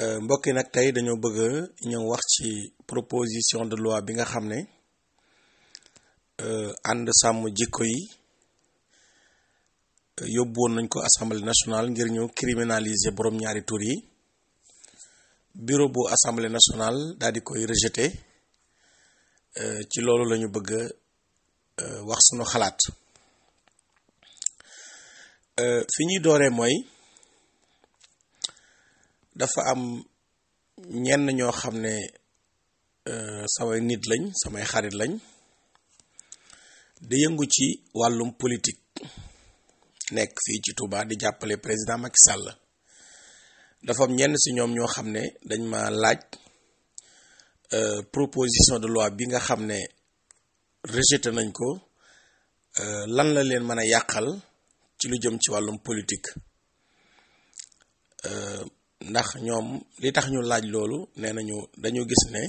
Euh, mbokk yi nag tey dañoo bëgg ñëw wax ci proposition de loi bi nga xam ne euh, ànd sàmm jikko yi euh, yóbbu woon nañ ko assemblée national ngir ñu criminaliser borom ñaari tur yi bureau bu assemblée national daal di koy rejeter ci loolu lañu bëgg wax sunu xalaat fi ñuy dooree mooy. dafa am ñenn ñoo xam ne euh, samay nit lañ samay xarit lañ di yëngu ci wàllum politique nekk fii ci Touba di jàppale président Macky Sall dafa am ñenn si ñoom ñoo xam ne dañ ma laaj euh, proposition de loi bi nga xam ne rejeté nañ ko euh, lan la leen mën a yàqal ci lu jëm ci wàllum politique. ndax ñoom li tax ñu laaj loolu nee nañu dañu gis ne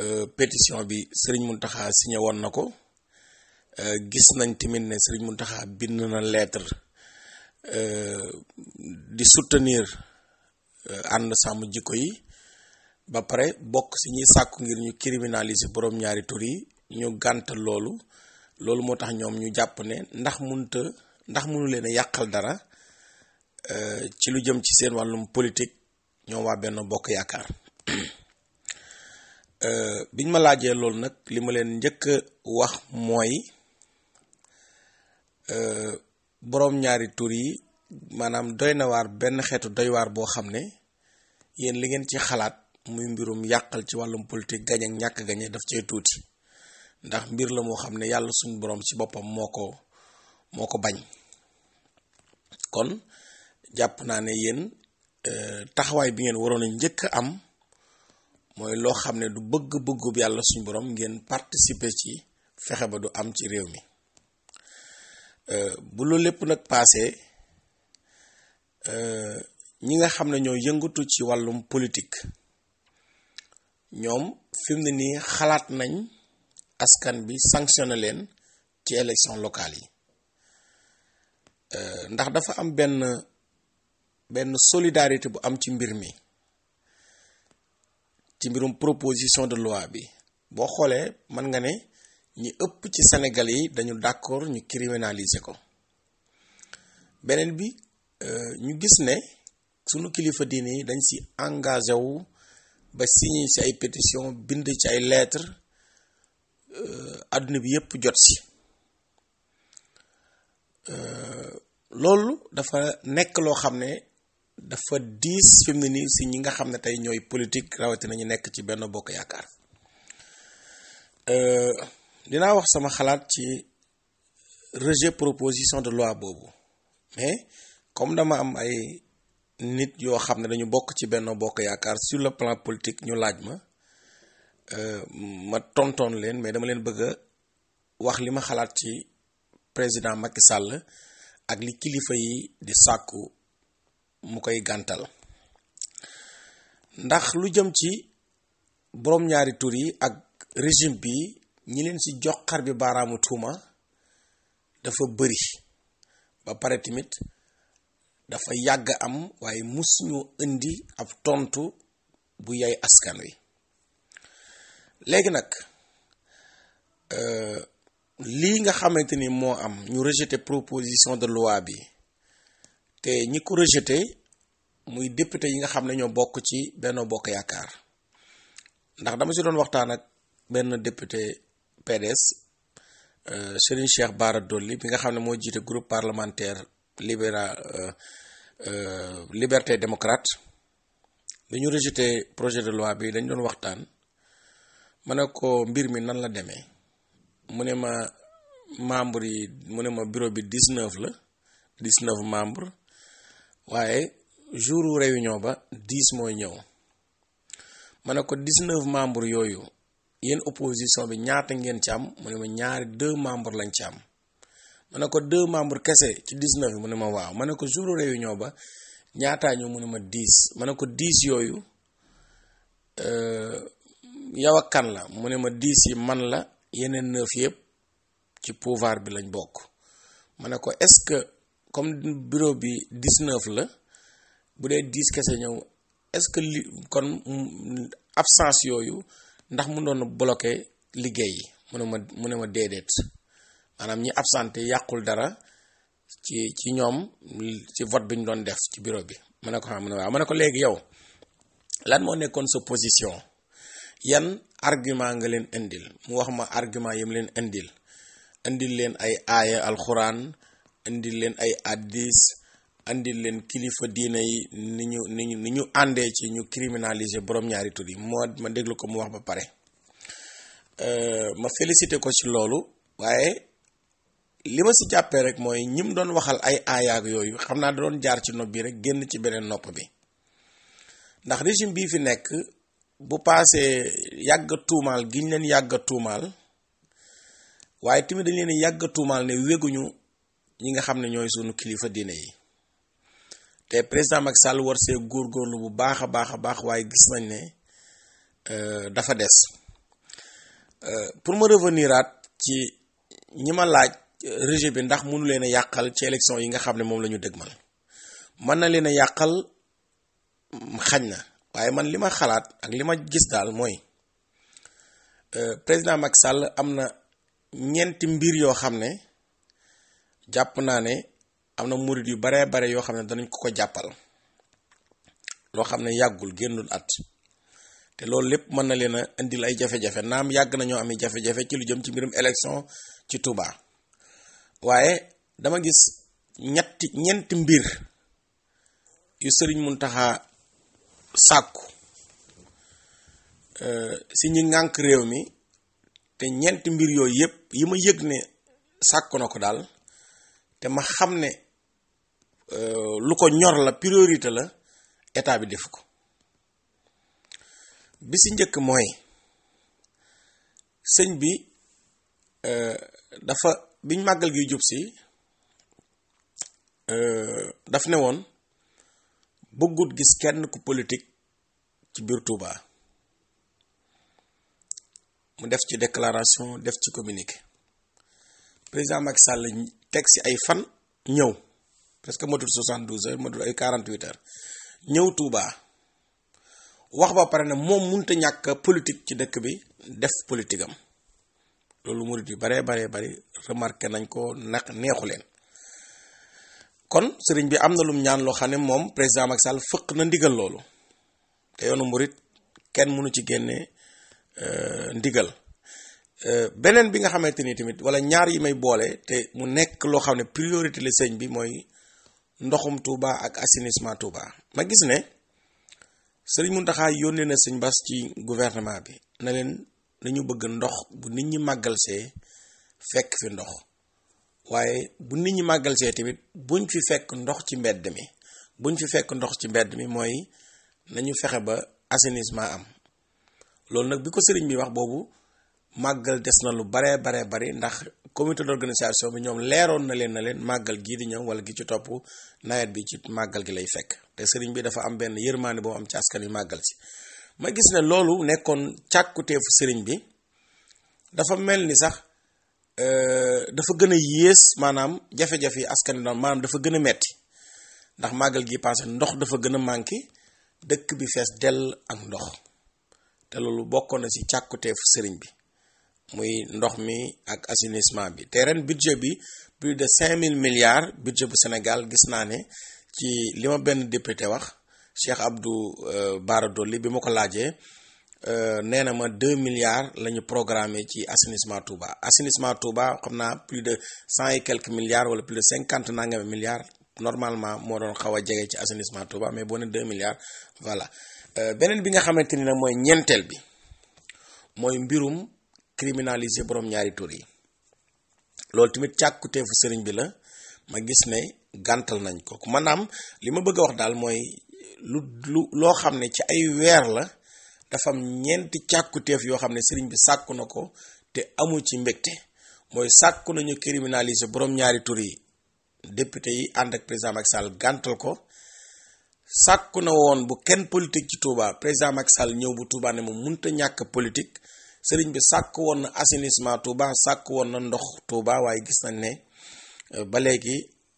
euh, pétition bi sëriñ Muntaxa signé woon na ko euh, gis nañ tamit ne sëriñ Muntaxa bind na lettre euh, di soutenir ànd sàmm jikko yi ba pare bokk si ñuy sàkku ngir ñu criminaliser borom ñaari tur yi ñu gànt loolu loolu moo tax ñoom ñu jàpp ne ndax munta ndax munu leen a yàqal dara Euh, ci lu jëm ci seen wàllum politique ñoom waa benn bokk yaakaar euh, biñ ma laajee loolu nag li ma leen njëkk wax mooy euh, boroom ñaari tuur yi maanaam doy na waar benn xeetu doy waar boo xam ne yéen li ngeen ci xalaat muy mbirum yàqal ci wàllum politique gañ ñàkk gañe daf cee tuuti ndax mbir la moo xam ne yàlla suñ boroom ci boppam moo ko moo ko bañ kon jàpp naa ne yéen euh, taxawaay bi ngeen waroon a njëkk am mooy loo xam ne du bëgg-bëggub yàlla suñ borom ngeen participer ci fexe ba du am ci réew mi euh, bu loolu lépp nag passé euh, ñi nga xam ne ñoo yëngatu ci wàllum politique ñoom fi mu ne nii xalaat nañ askan bi sanctionné leen ci élection locale yi ndax dafa am benn benn solidarité bu am ci mbir mi ci mbirum proposition de loi bi boo xoolee mën nga ne ñi ëpp ci Sénégal yi dañu d'accord ñu criminaliser ko beneen bi euh, ñu gis ne sunu kilifa diine dañ si engagé wu ba signé si ay pétition bind ci ay lettres euh, adduna bi yëpp jot si euh, loolu dafa nekk loo xam ne dafa diis fi mu ne nii si ñi nga xam ne tey ñooy politique rawatina ñu nekk ci benn bokk yaakaar euh, dinaa wax sama xalaat ci rejet proposition de loi boobu mais comme dama am ay nit yoo xam ne dañu bokk ci benn bokk yaakaar sur le plan politique ñu laaj ma euh, ma tontoon leen mais dama leen bëgg a wax li ma xalaat ci président Macky sàll ak li kilifa yi di sàkku mu koy gàntal ndax lu jëm ci borom ñaari tur yi ak régime bi ñi leen ci jox xar bi baaraamu tuuma dafa bëri ba pare tamit dafa yàgg am waaye mus ñu indi ab tontu bu yay askan wi léegi nag euh, lii nga xamante ni moo am ñu rejeté proposition de loi bi te ñi ko rejeté muy député yi nga xam ne ñoo bokk ci Benno Bokk Yaakaar ndax dama si doon waxtaan ak benn député PDS euh, Serigne Cheikh Bara Dolly bi nga xam ne moo jiite groupe parlementaire libéral euh, euh, liberté démocrate bi ñu rejeté projet de loi bi dañ doon waxtaan ma ne ko mbir mi nan la demee mu ne ma membre yi mu ne ma bureau bi 19 la 19 membre waaye jouru réunion ba diis mooy ñëw ma ne ko dix-neuf membres yooyu yéen opposition bi ñaata ngeen ci am mu ne ma ñaari deux membres lañ ci am ma ne ko deux membres kese ci dix-neuf yi mu ne ma waaw ma ne ko jouru réunion ba ñaataa ñu mu ne ma dix man ne ko dix yooyu euh, yow kan la mu ne ma dix yi man la yeneen neuf yëpp ci pouvoir bi lañ bokk ma ne ko est comme bureau bi 19 la bu dee 10 kese ñëw est-ce que li kon absence yooyu ndax mun doon bloqué liggéey yi mu ne ma mu ne ma déedéet maanaam ñi absenté yàqul dara ci ci ñoom ci vote bi ñu doon def ci bureau bi ma ne ko xam ah, ne waaw ma ne ko léegi yow lan moo nekkoon sa position yan argument nga leen indil mu wax ma argument yi mu leen indil indil leen ay aaya alxuraan indil leen ay addis indil leen kilifa diina yi ni ñu ni ñu àndee ci ñu criminaliser borom ñaari tur yi moo ma déglu ko mu wax ba pare euh, ma félicité ko ci loolu waaye li ma si jàppee rek mooy ñi doon waxal ay aayaag yooyu xam naa da doon jaar ci nopp bi rek génn ci beneen nopp bi ndax régime bii fi nekk bu paasee yàgg tuumaal giñ leen yàgg tuumaal waaye tamit dañ leen yàgg tuumaal ne wéguñu ñi nga xam ne ñooy sunu kilifa diine yi te président Macky Sall war see góorgóorlu bu baax a baax a baax waaye gis nañ ne euh, dafa des euh, pour ma reveniraat ci ñi ma laaj euh, rejet bi ndax mënu leen a yàqal ci élection yi nga xam ne moom la ñu dëgmal mën na leen a yàqal mm, xañ na waaye man li ma xalaat ak li ma gis daal mooy président Macky Sall am na ñeenti mbir yoo xam ne. jàpp naa ne am na murit yu baree bare yoo xam ne danañ ko ko jàppal loo xam ne yàggul génnul at te loolu lépp mën na leen a indil ay jafe-jafe naam yàgg nañoo am jafe-jafe ci lu jëm ci mbirum élection ci Touba waaye dama gis ñetti ñeenti mbir yu sëriñ mun taxa sàkku euh, si ñi ŋànk réew mi te ñeenti mbir yooyu yépp yi ma yëg ne sàkku na ko daal te ma xam ne euh, lu ko ñor la priorité la état bi def ko bi si njëkk mooy sëñ bi euh, dafa biñ màggal gi jub si euh, daf ne woon bëggut gis kenn ku politique ci biir Touba mu def ci déclaration def ci communiqué président Macky Sall teg si ay fan ñëw parce que matul 72 heures matul ay quarant heures ñëw Touba wax ba pare na moom munta ñàkk politique ci dëkk bi def politique am loolu murit yu baree baree bari remarqué nañ ko naq neexu leen kon sëriñ bi am na lum ñaan loo xam ne moom président Macky Sall fëq na ndigal loolu te yoonu murit kenn mënu ci génne euh, ndigal Euh, beneen bi nga xamante ni tamit wala ñaar yi may boole te mu nekk loo xam ne priorité la sëñ bi mooy ndoxum Touba ak assainissement Touba ma gis ne sëriñ Mountakha yónnee na sëñ Bass ci gouvernement bi na leen dañu bëgg ndox bu nit ñi màggal see fekk fi ndox waaye bu nit ñi màggal see tamit buñ fi fekk ndox ci mbedd mi buñ fi fekk ndox ci mbedd mi mooy nañu fexe ba assainissement am loolu nag bi ko sëriñ bi wax boobu màggal des na lu baree baree bari ndax comité d'organisation bi ñoom leeroon na leen na leen màggal gii di ñëw wala gi ci topp nawet bi ci màggal gi lay fekk te sëriñ bi dafa am benn yërmaane boo am ci askan wi màggal si ma gis ne loolu nekkoon càkkuteefu sëriñ bi dafa mel ni sax euh, dafa gën a yées maanaam jafe yi askan wi dafa gën a metti ndax màggal gi passé ndox dafa gën a manqué dëkk bi fees dell ak ndox te loolu bokkoon na ci càkkuteefu sëriñ bi muy ndox mi ak assainissement bi te ren budget bi plus de cinq mille milliards budget bu Sénégal gis naa ne ci li ma benn député wax Cheikh Abdou euh, Bara Dolly bi ma ko laajee euh, nee na ma deux milliards la ñu programmé ci assainissement Touba assainissement Touba xam naa plus de cent et quelques milliards wala plus de cinquante nangami milliards normalement moo doon xaw a jege ci assainissement Touba mais boo ne deux milliards voilà euh, beneen bi nga xamante ni nag mooy ñeenteel bi criminaliser borom ñaari tur yi loolu tamit càkkuteefu sëriñ bi la ma gis ne gàntal nañ ko maanaam li ma bëgg a wax daal mooy lu lu loo xam ne ci ay weer la dafa am ñeenti càkkuteef yoo xam ne sëriñ bi sàkku na ko te amu ci mbegte mooy sàkku nañu criminaliser borom ñaari tur yi député yi ànd ak président Macky gàntal ko sàkku na woon bu kenn politique ci Touba président Macky Sall ñëw bu Touba ne mu munta ñàkk politique sëriñ bi sàkk woon na assainissement Touba sàkk woon na ndox Touba waaye gis nañ ne euh, ba léegi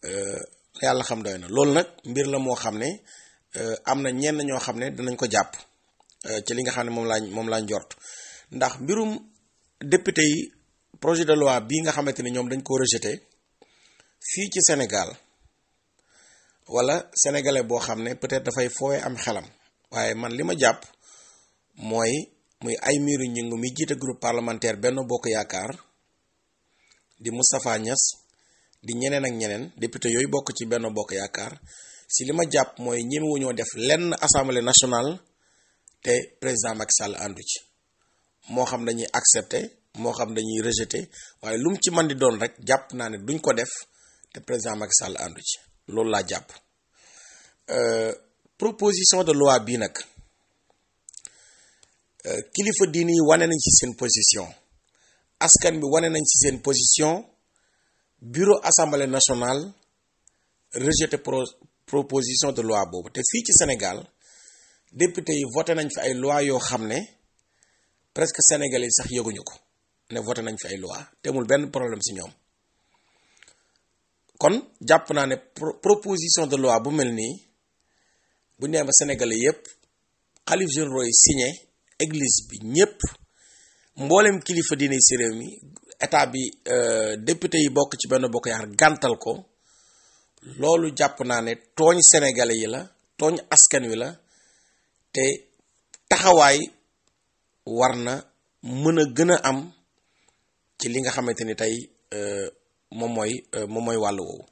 euh, yàlla xam doy na loolu nag mbir la moo xam ne euh, am na ñenn ñoo xam ne dinañ ko jàpp ci li nga xam ne moom laa moom laa njort ndax mbirum député yi projet de loi bii nga xamante ni ñoom dañ koo rejeté fii ci Sénégal wala sénégalais boo xam ne peut-être dafay foowe am xelam waaye man li ma jàpp mooy. muy Aymérou Gningue mi jiite groupe parlementaire benn Bokk Yaakaar di Moustapha Niass di ñeneen ak ñeneen député yooyu bokk ci benn Bokk Yaakaar si li ma jàpp mooy ñemewuñoo def lenn assemblée nationale te président Macky Sall àndu ci moo xam dañuy accepter moo xam dañuy rejeter waaye lu mu ci man di doon rek jàpp naa ne duñ ko def te président Macky Sall àndu ci loolu laa jàpp euh, proposition de loi bii nag. Euh, kilifa diini yi wane nañ ci seen position askan bi wane nañ ci seen position bureau assemblée nationale rejeté pro proposition de loi boobu te fii ci Sénégal député yi voté nañ fi ay loi yoo xam ne presque sénégalais sax yëguñu ko ne voté nañ fi ay loi te mul benn problème si ñoom kon jàpp naa ne proposition de loi bu mel nii bu ñu nee ba sénégalais yépp xalif généraux yi signé église bi ñépp mboolem kilifa diine si réew mi état bi euh, député yi bokk ci benn bokk yaar gàntal ko loolu jàpp naa ne tooñ sénégalais yi la tooñ askan wi la te taxawaay war na mën a gën a am ci li nga xamante ni tey euh, moom mooy euh, moom mooy wàll woowu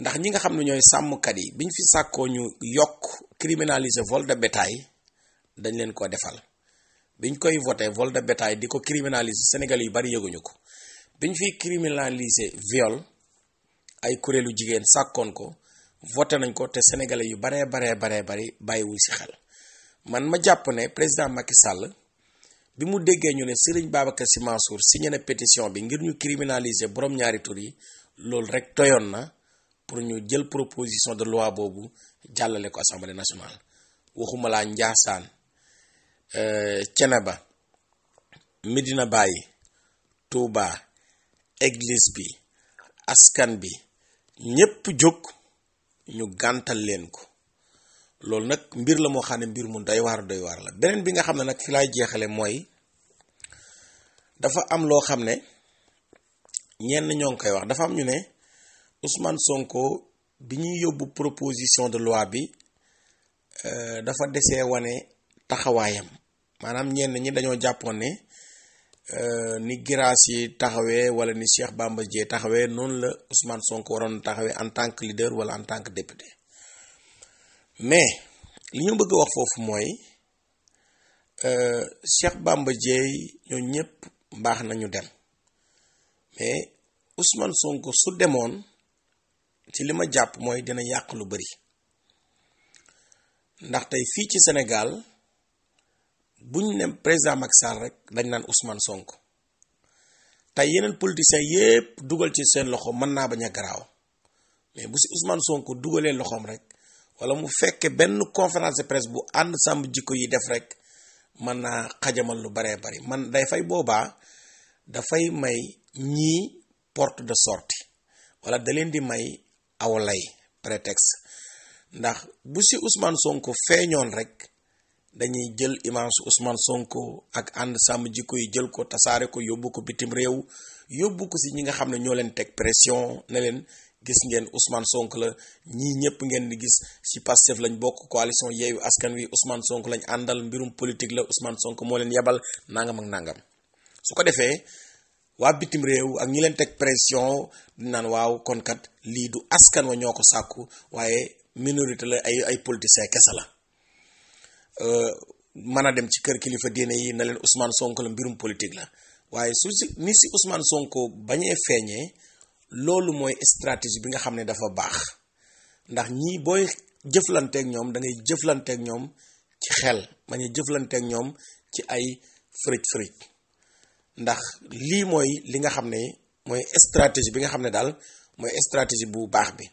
ndax ñi nga xam ne ñooy sàmmkat yi biñ fi sàkkoo ñu yokk criminaliser vol de bétail dañ leen ko defal biñ koy voté vol de bétail di ko criminaliser Sénégal yu bari yëguñu ko biñ fiy criminaliser viol ay kuréelu jigéen sàkkoon ko voté nañ ko te sénégalais yu baree baree baree bari bàyyiwul si xel man ma jàpp ne président Macky Sall bi mu déggee ñu ne Serigne Babacar Sy Mansour si na pétition bi ngir ñu criminaliser borom ñaari tur yi loolu rek toyoon na pour ñu jël proposition de loi boobu jàllale ko assemblée nationale waxuma laa njaasaan Ceneba euh, Medina bàyyi Touba église bi askan bi ñépp jóg ñu gàntal leen ko loolu nag mbir la moo xam ne mbir mu day waar day waar la beneen bi nga xam ne nag fi laay jeexale mooy dafa am loo xam ne ñenn ñoo ngi koy wax dafa am ñu ne Ousmane Sonko bi ñuy yóbbu proposition de loi bi euh, dafa desee wane taxawaayam maanaam ñenn ñi dañoo jàppoon ne euh, ni Guirassy yi taxawee wala ni Cheikh Bamba Dièye taxawee noonu la Ousmane Sonko waroon taxawee en tant que leader wala mais li ñu bëgg a wax foofu mooy euh, Cheikh Bamba Dièye ñoo ñëpp mbaax nañu dem mais Ousmane sonk su demoon ci li ma jàpp mooy dina yàq lu bari ndax tey fii ci Sénégal bu ñu ne président Macky Sall rek dañ naan Ousmane sonk tey yeneen politiciens yépp dugal ci seen loxo mën naa bañ a garaaw mais bu si Ousmane Sonko dugalee loxoom rek wala mu fekke benn conférence de presse bu ànd sàmm jikko yi def rek man naa xajamal lu baree bari man day fay boobaa dafay may ñii porte de sortie wala da leen di may aw lay prétexte ndax bu si Ousmane Sonko feeñoon rek. dañuy jël image Ousmane Sonko ak ànd sàmm jikko yi jël ko tasaare ko yóbbu ko bitim réew yóbbu ko si ñi nga xam ne ñoo leen teg pression ne leen gis ngeen Ousmane sonk la ñii ñëpp ngeen di gis si Pastef lañ bokk coalition yeeyu askan wi usman sonk lañ àndal mbirum politique la Ousmane sonk moo leen yebal nangam ak nangam su ko defee waa bitim réew ak ñi leen teg pression naan waaw konkat lii du askan wa ñoo ko sàkku waaye minorite la ay ay politiciens kese la. mën a dem ci kër kilifa diine yi na leen Ousmane Sonko la mbirum politique la waaye su si ni si Ousmane Sonko bañee feeñee loolu mooy stratégie bi nga xam ne dafa baax ndax ñii booy jëflanteeg ñoom da ngay jëflanteeg ñoom ci xel bañ jëflanteeg ñoom ci ay frit ndax lii mooy li nga xam ne mooy stratégie bi nga xam ne daal mooy stratégie bu baax bi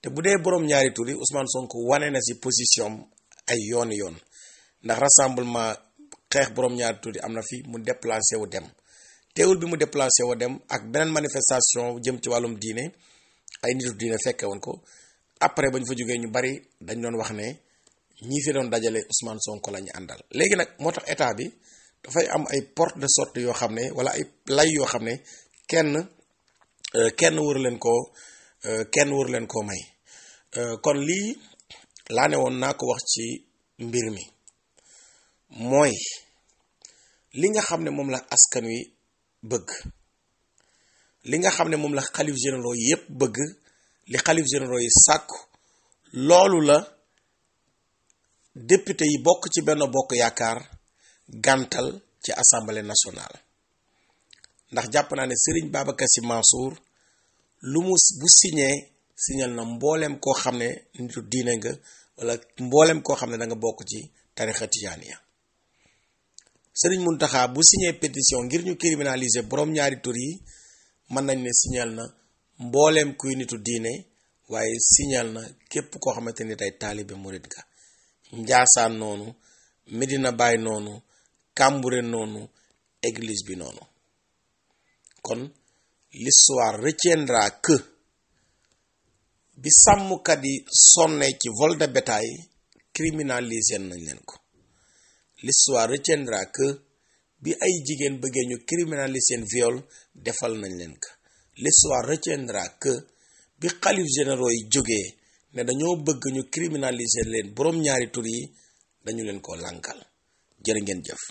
te bu dee boroom ñaari tur yi sonk wanee na si position ay yooni yoon ndax rassemblement xeex borom ñaari tuuti am na fi mu déplacé wu dem teewul bi mu déplacé wu dem ak beneen manifestation jëm ci wàllum diine ay nitu diine fekke woon ko après ba ñu fa jógee ñu bari dañ doon wax ne ñii fi doon dajale Ousmane Sonko la ñu àndal léegi nag moo tax état bi dafay am ay porte de sorte yoo xam ne wala ay lay yoo xam ne kenn euh, kenn waru leen koo euh, kenn waru leen koo may euh, kon lii laa ne woon naa ko wax ci mbir mi mooy li nga xam ne moom la askan wi bëgg li nga xam ne moom la xalif généraux yépp bëgg li xalif généraux yi sàkku loolu la député yi bokk ci benn bokk yaakaar gàntal ci assemblée nationale ndax jàpp naa ne sëriñ Babacar Sy Mansour lu mu bu signé signal na mboolem koo xam ne nitu diine nga wala mboolem koo xam ne danga bokk ci tarixa tijaaniya Serigne Mountakha bu signé pétition ngir ñu criminaliser borom ñaari tur yi mën nañ ne signal na mbooleem kuy nitu diine waaye signal na képp koo xamante ni tey taalibe murit ga Njaasaan noonu Medina Baay noonu Kàmbure noonu église bi noonu kon l'histoire retiendra que bi sàmmkat yi sonne ci vol de bétail criminaliser nañ leen ko l'histoire retiendra que bi ay jigéen bëggee ñu criminaliser seen viole defal nañ leen ko l'histoire retiendra que bi xalif généraux yi jógee ne dañoo bëgg ñu criminaliser leen boroom ñaari tur yi dañu leen ko lànkal jërë ngeen jëf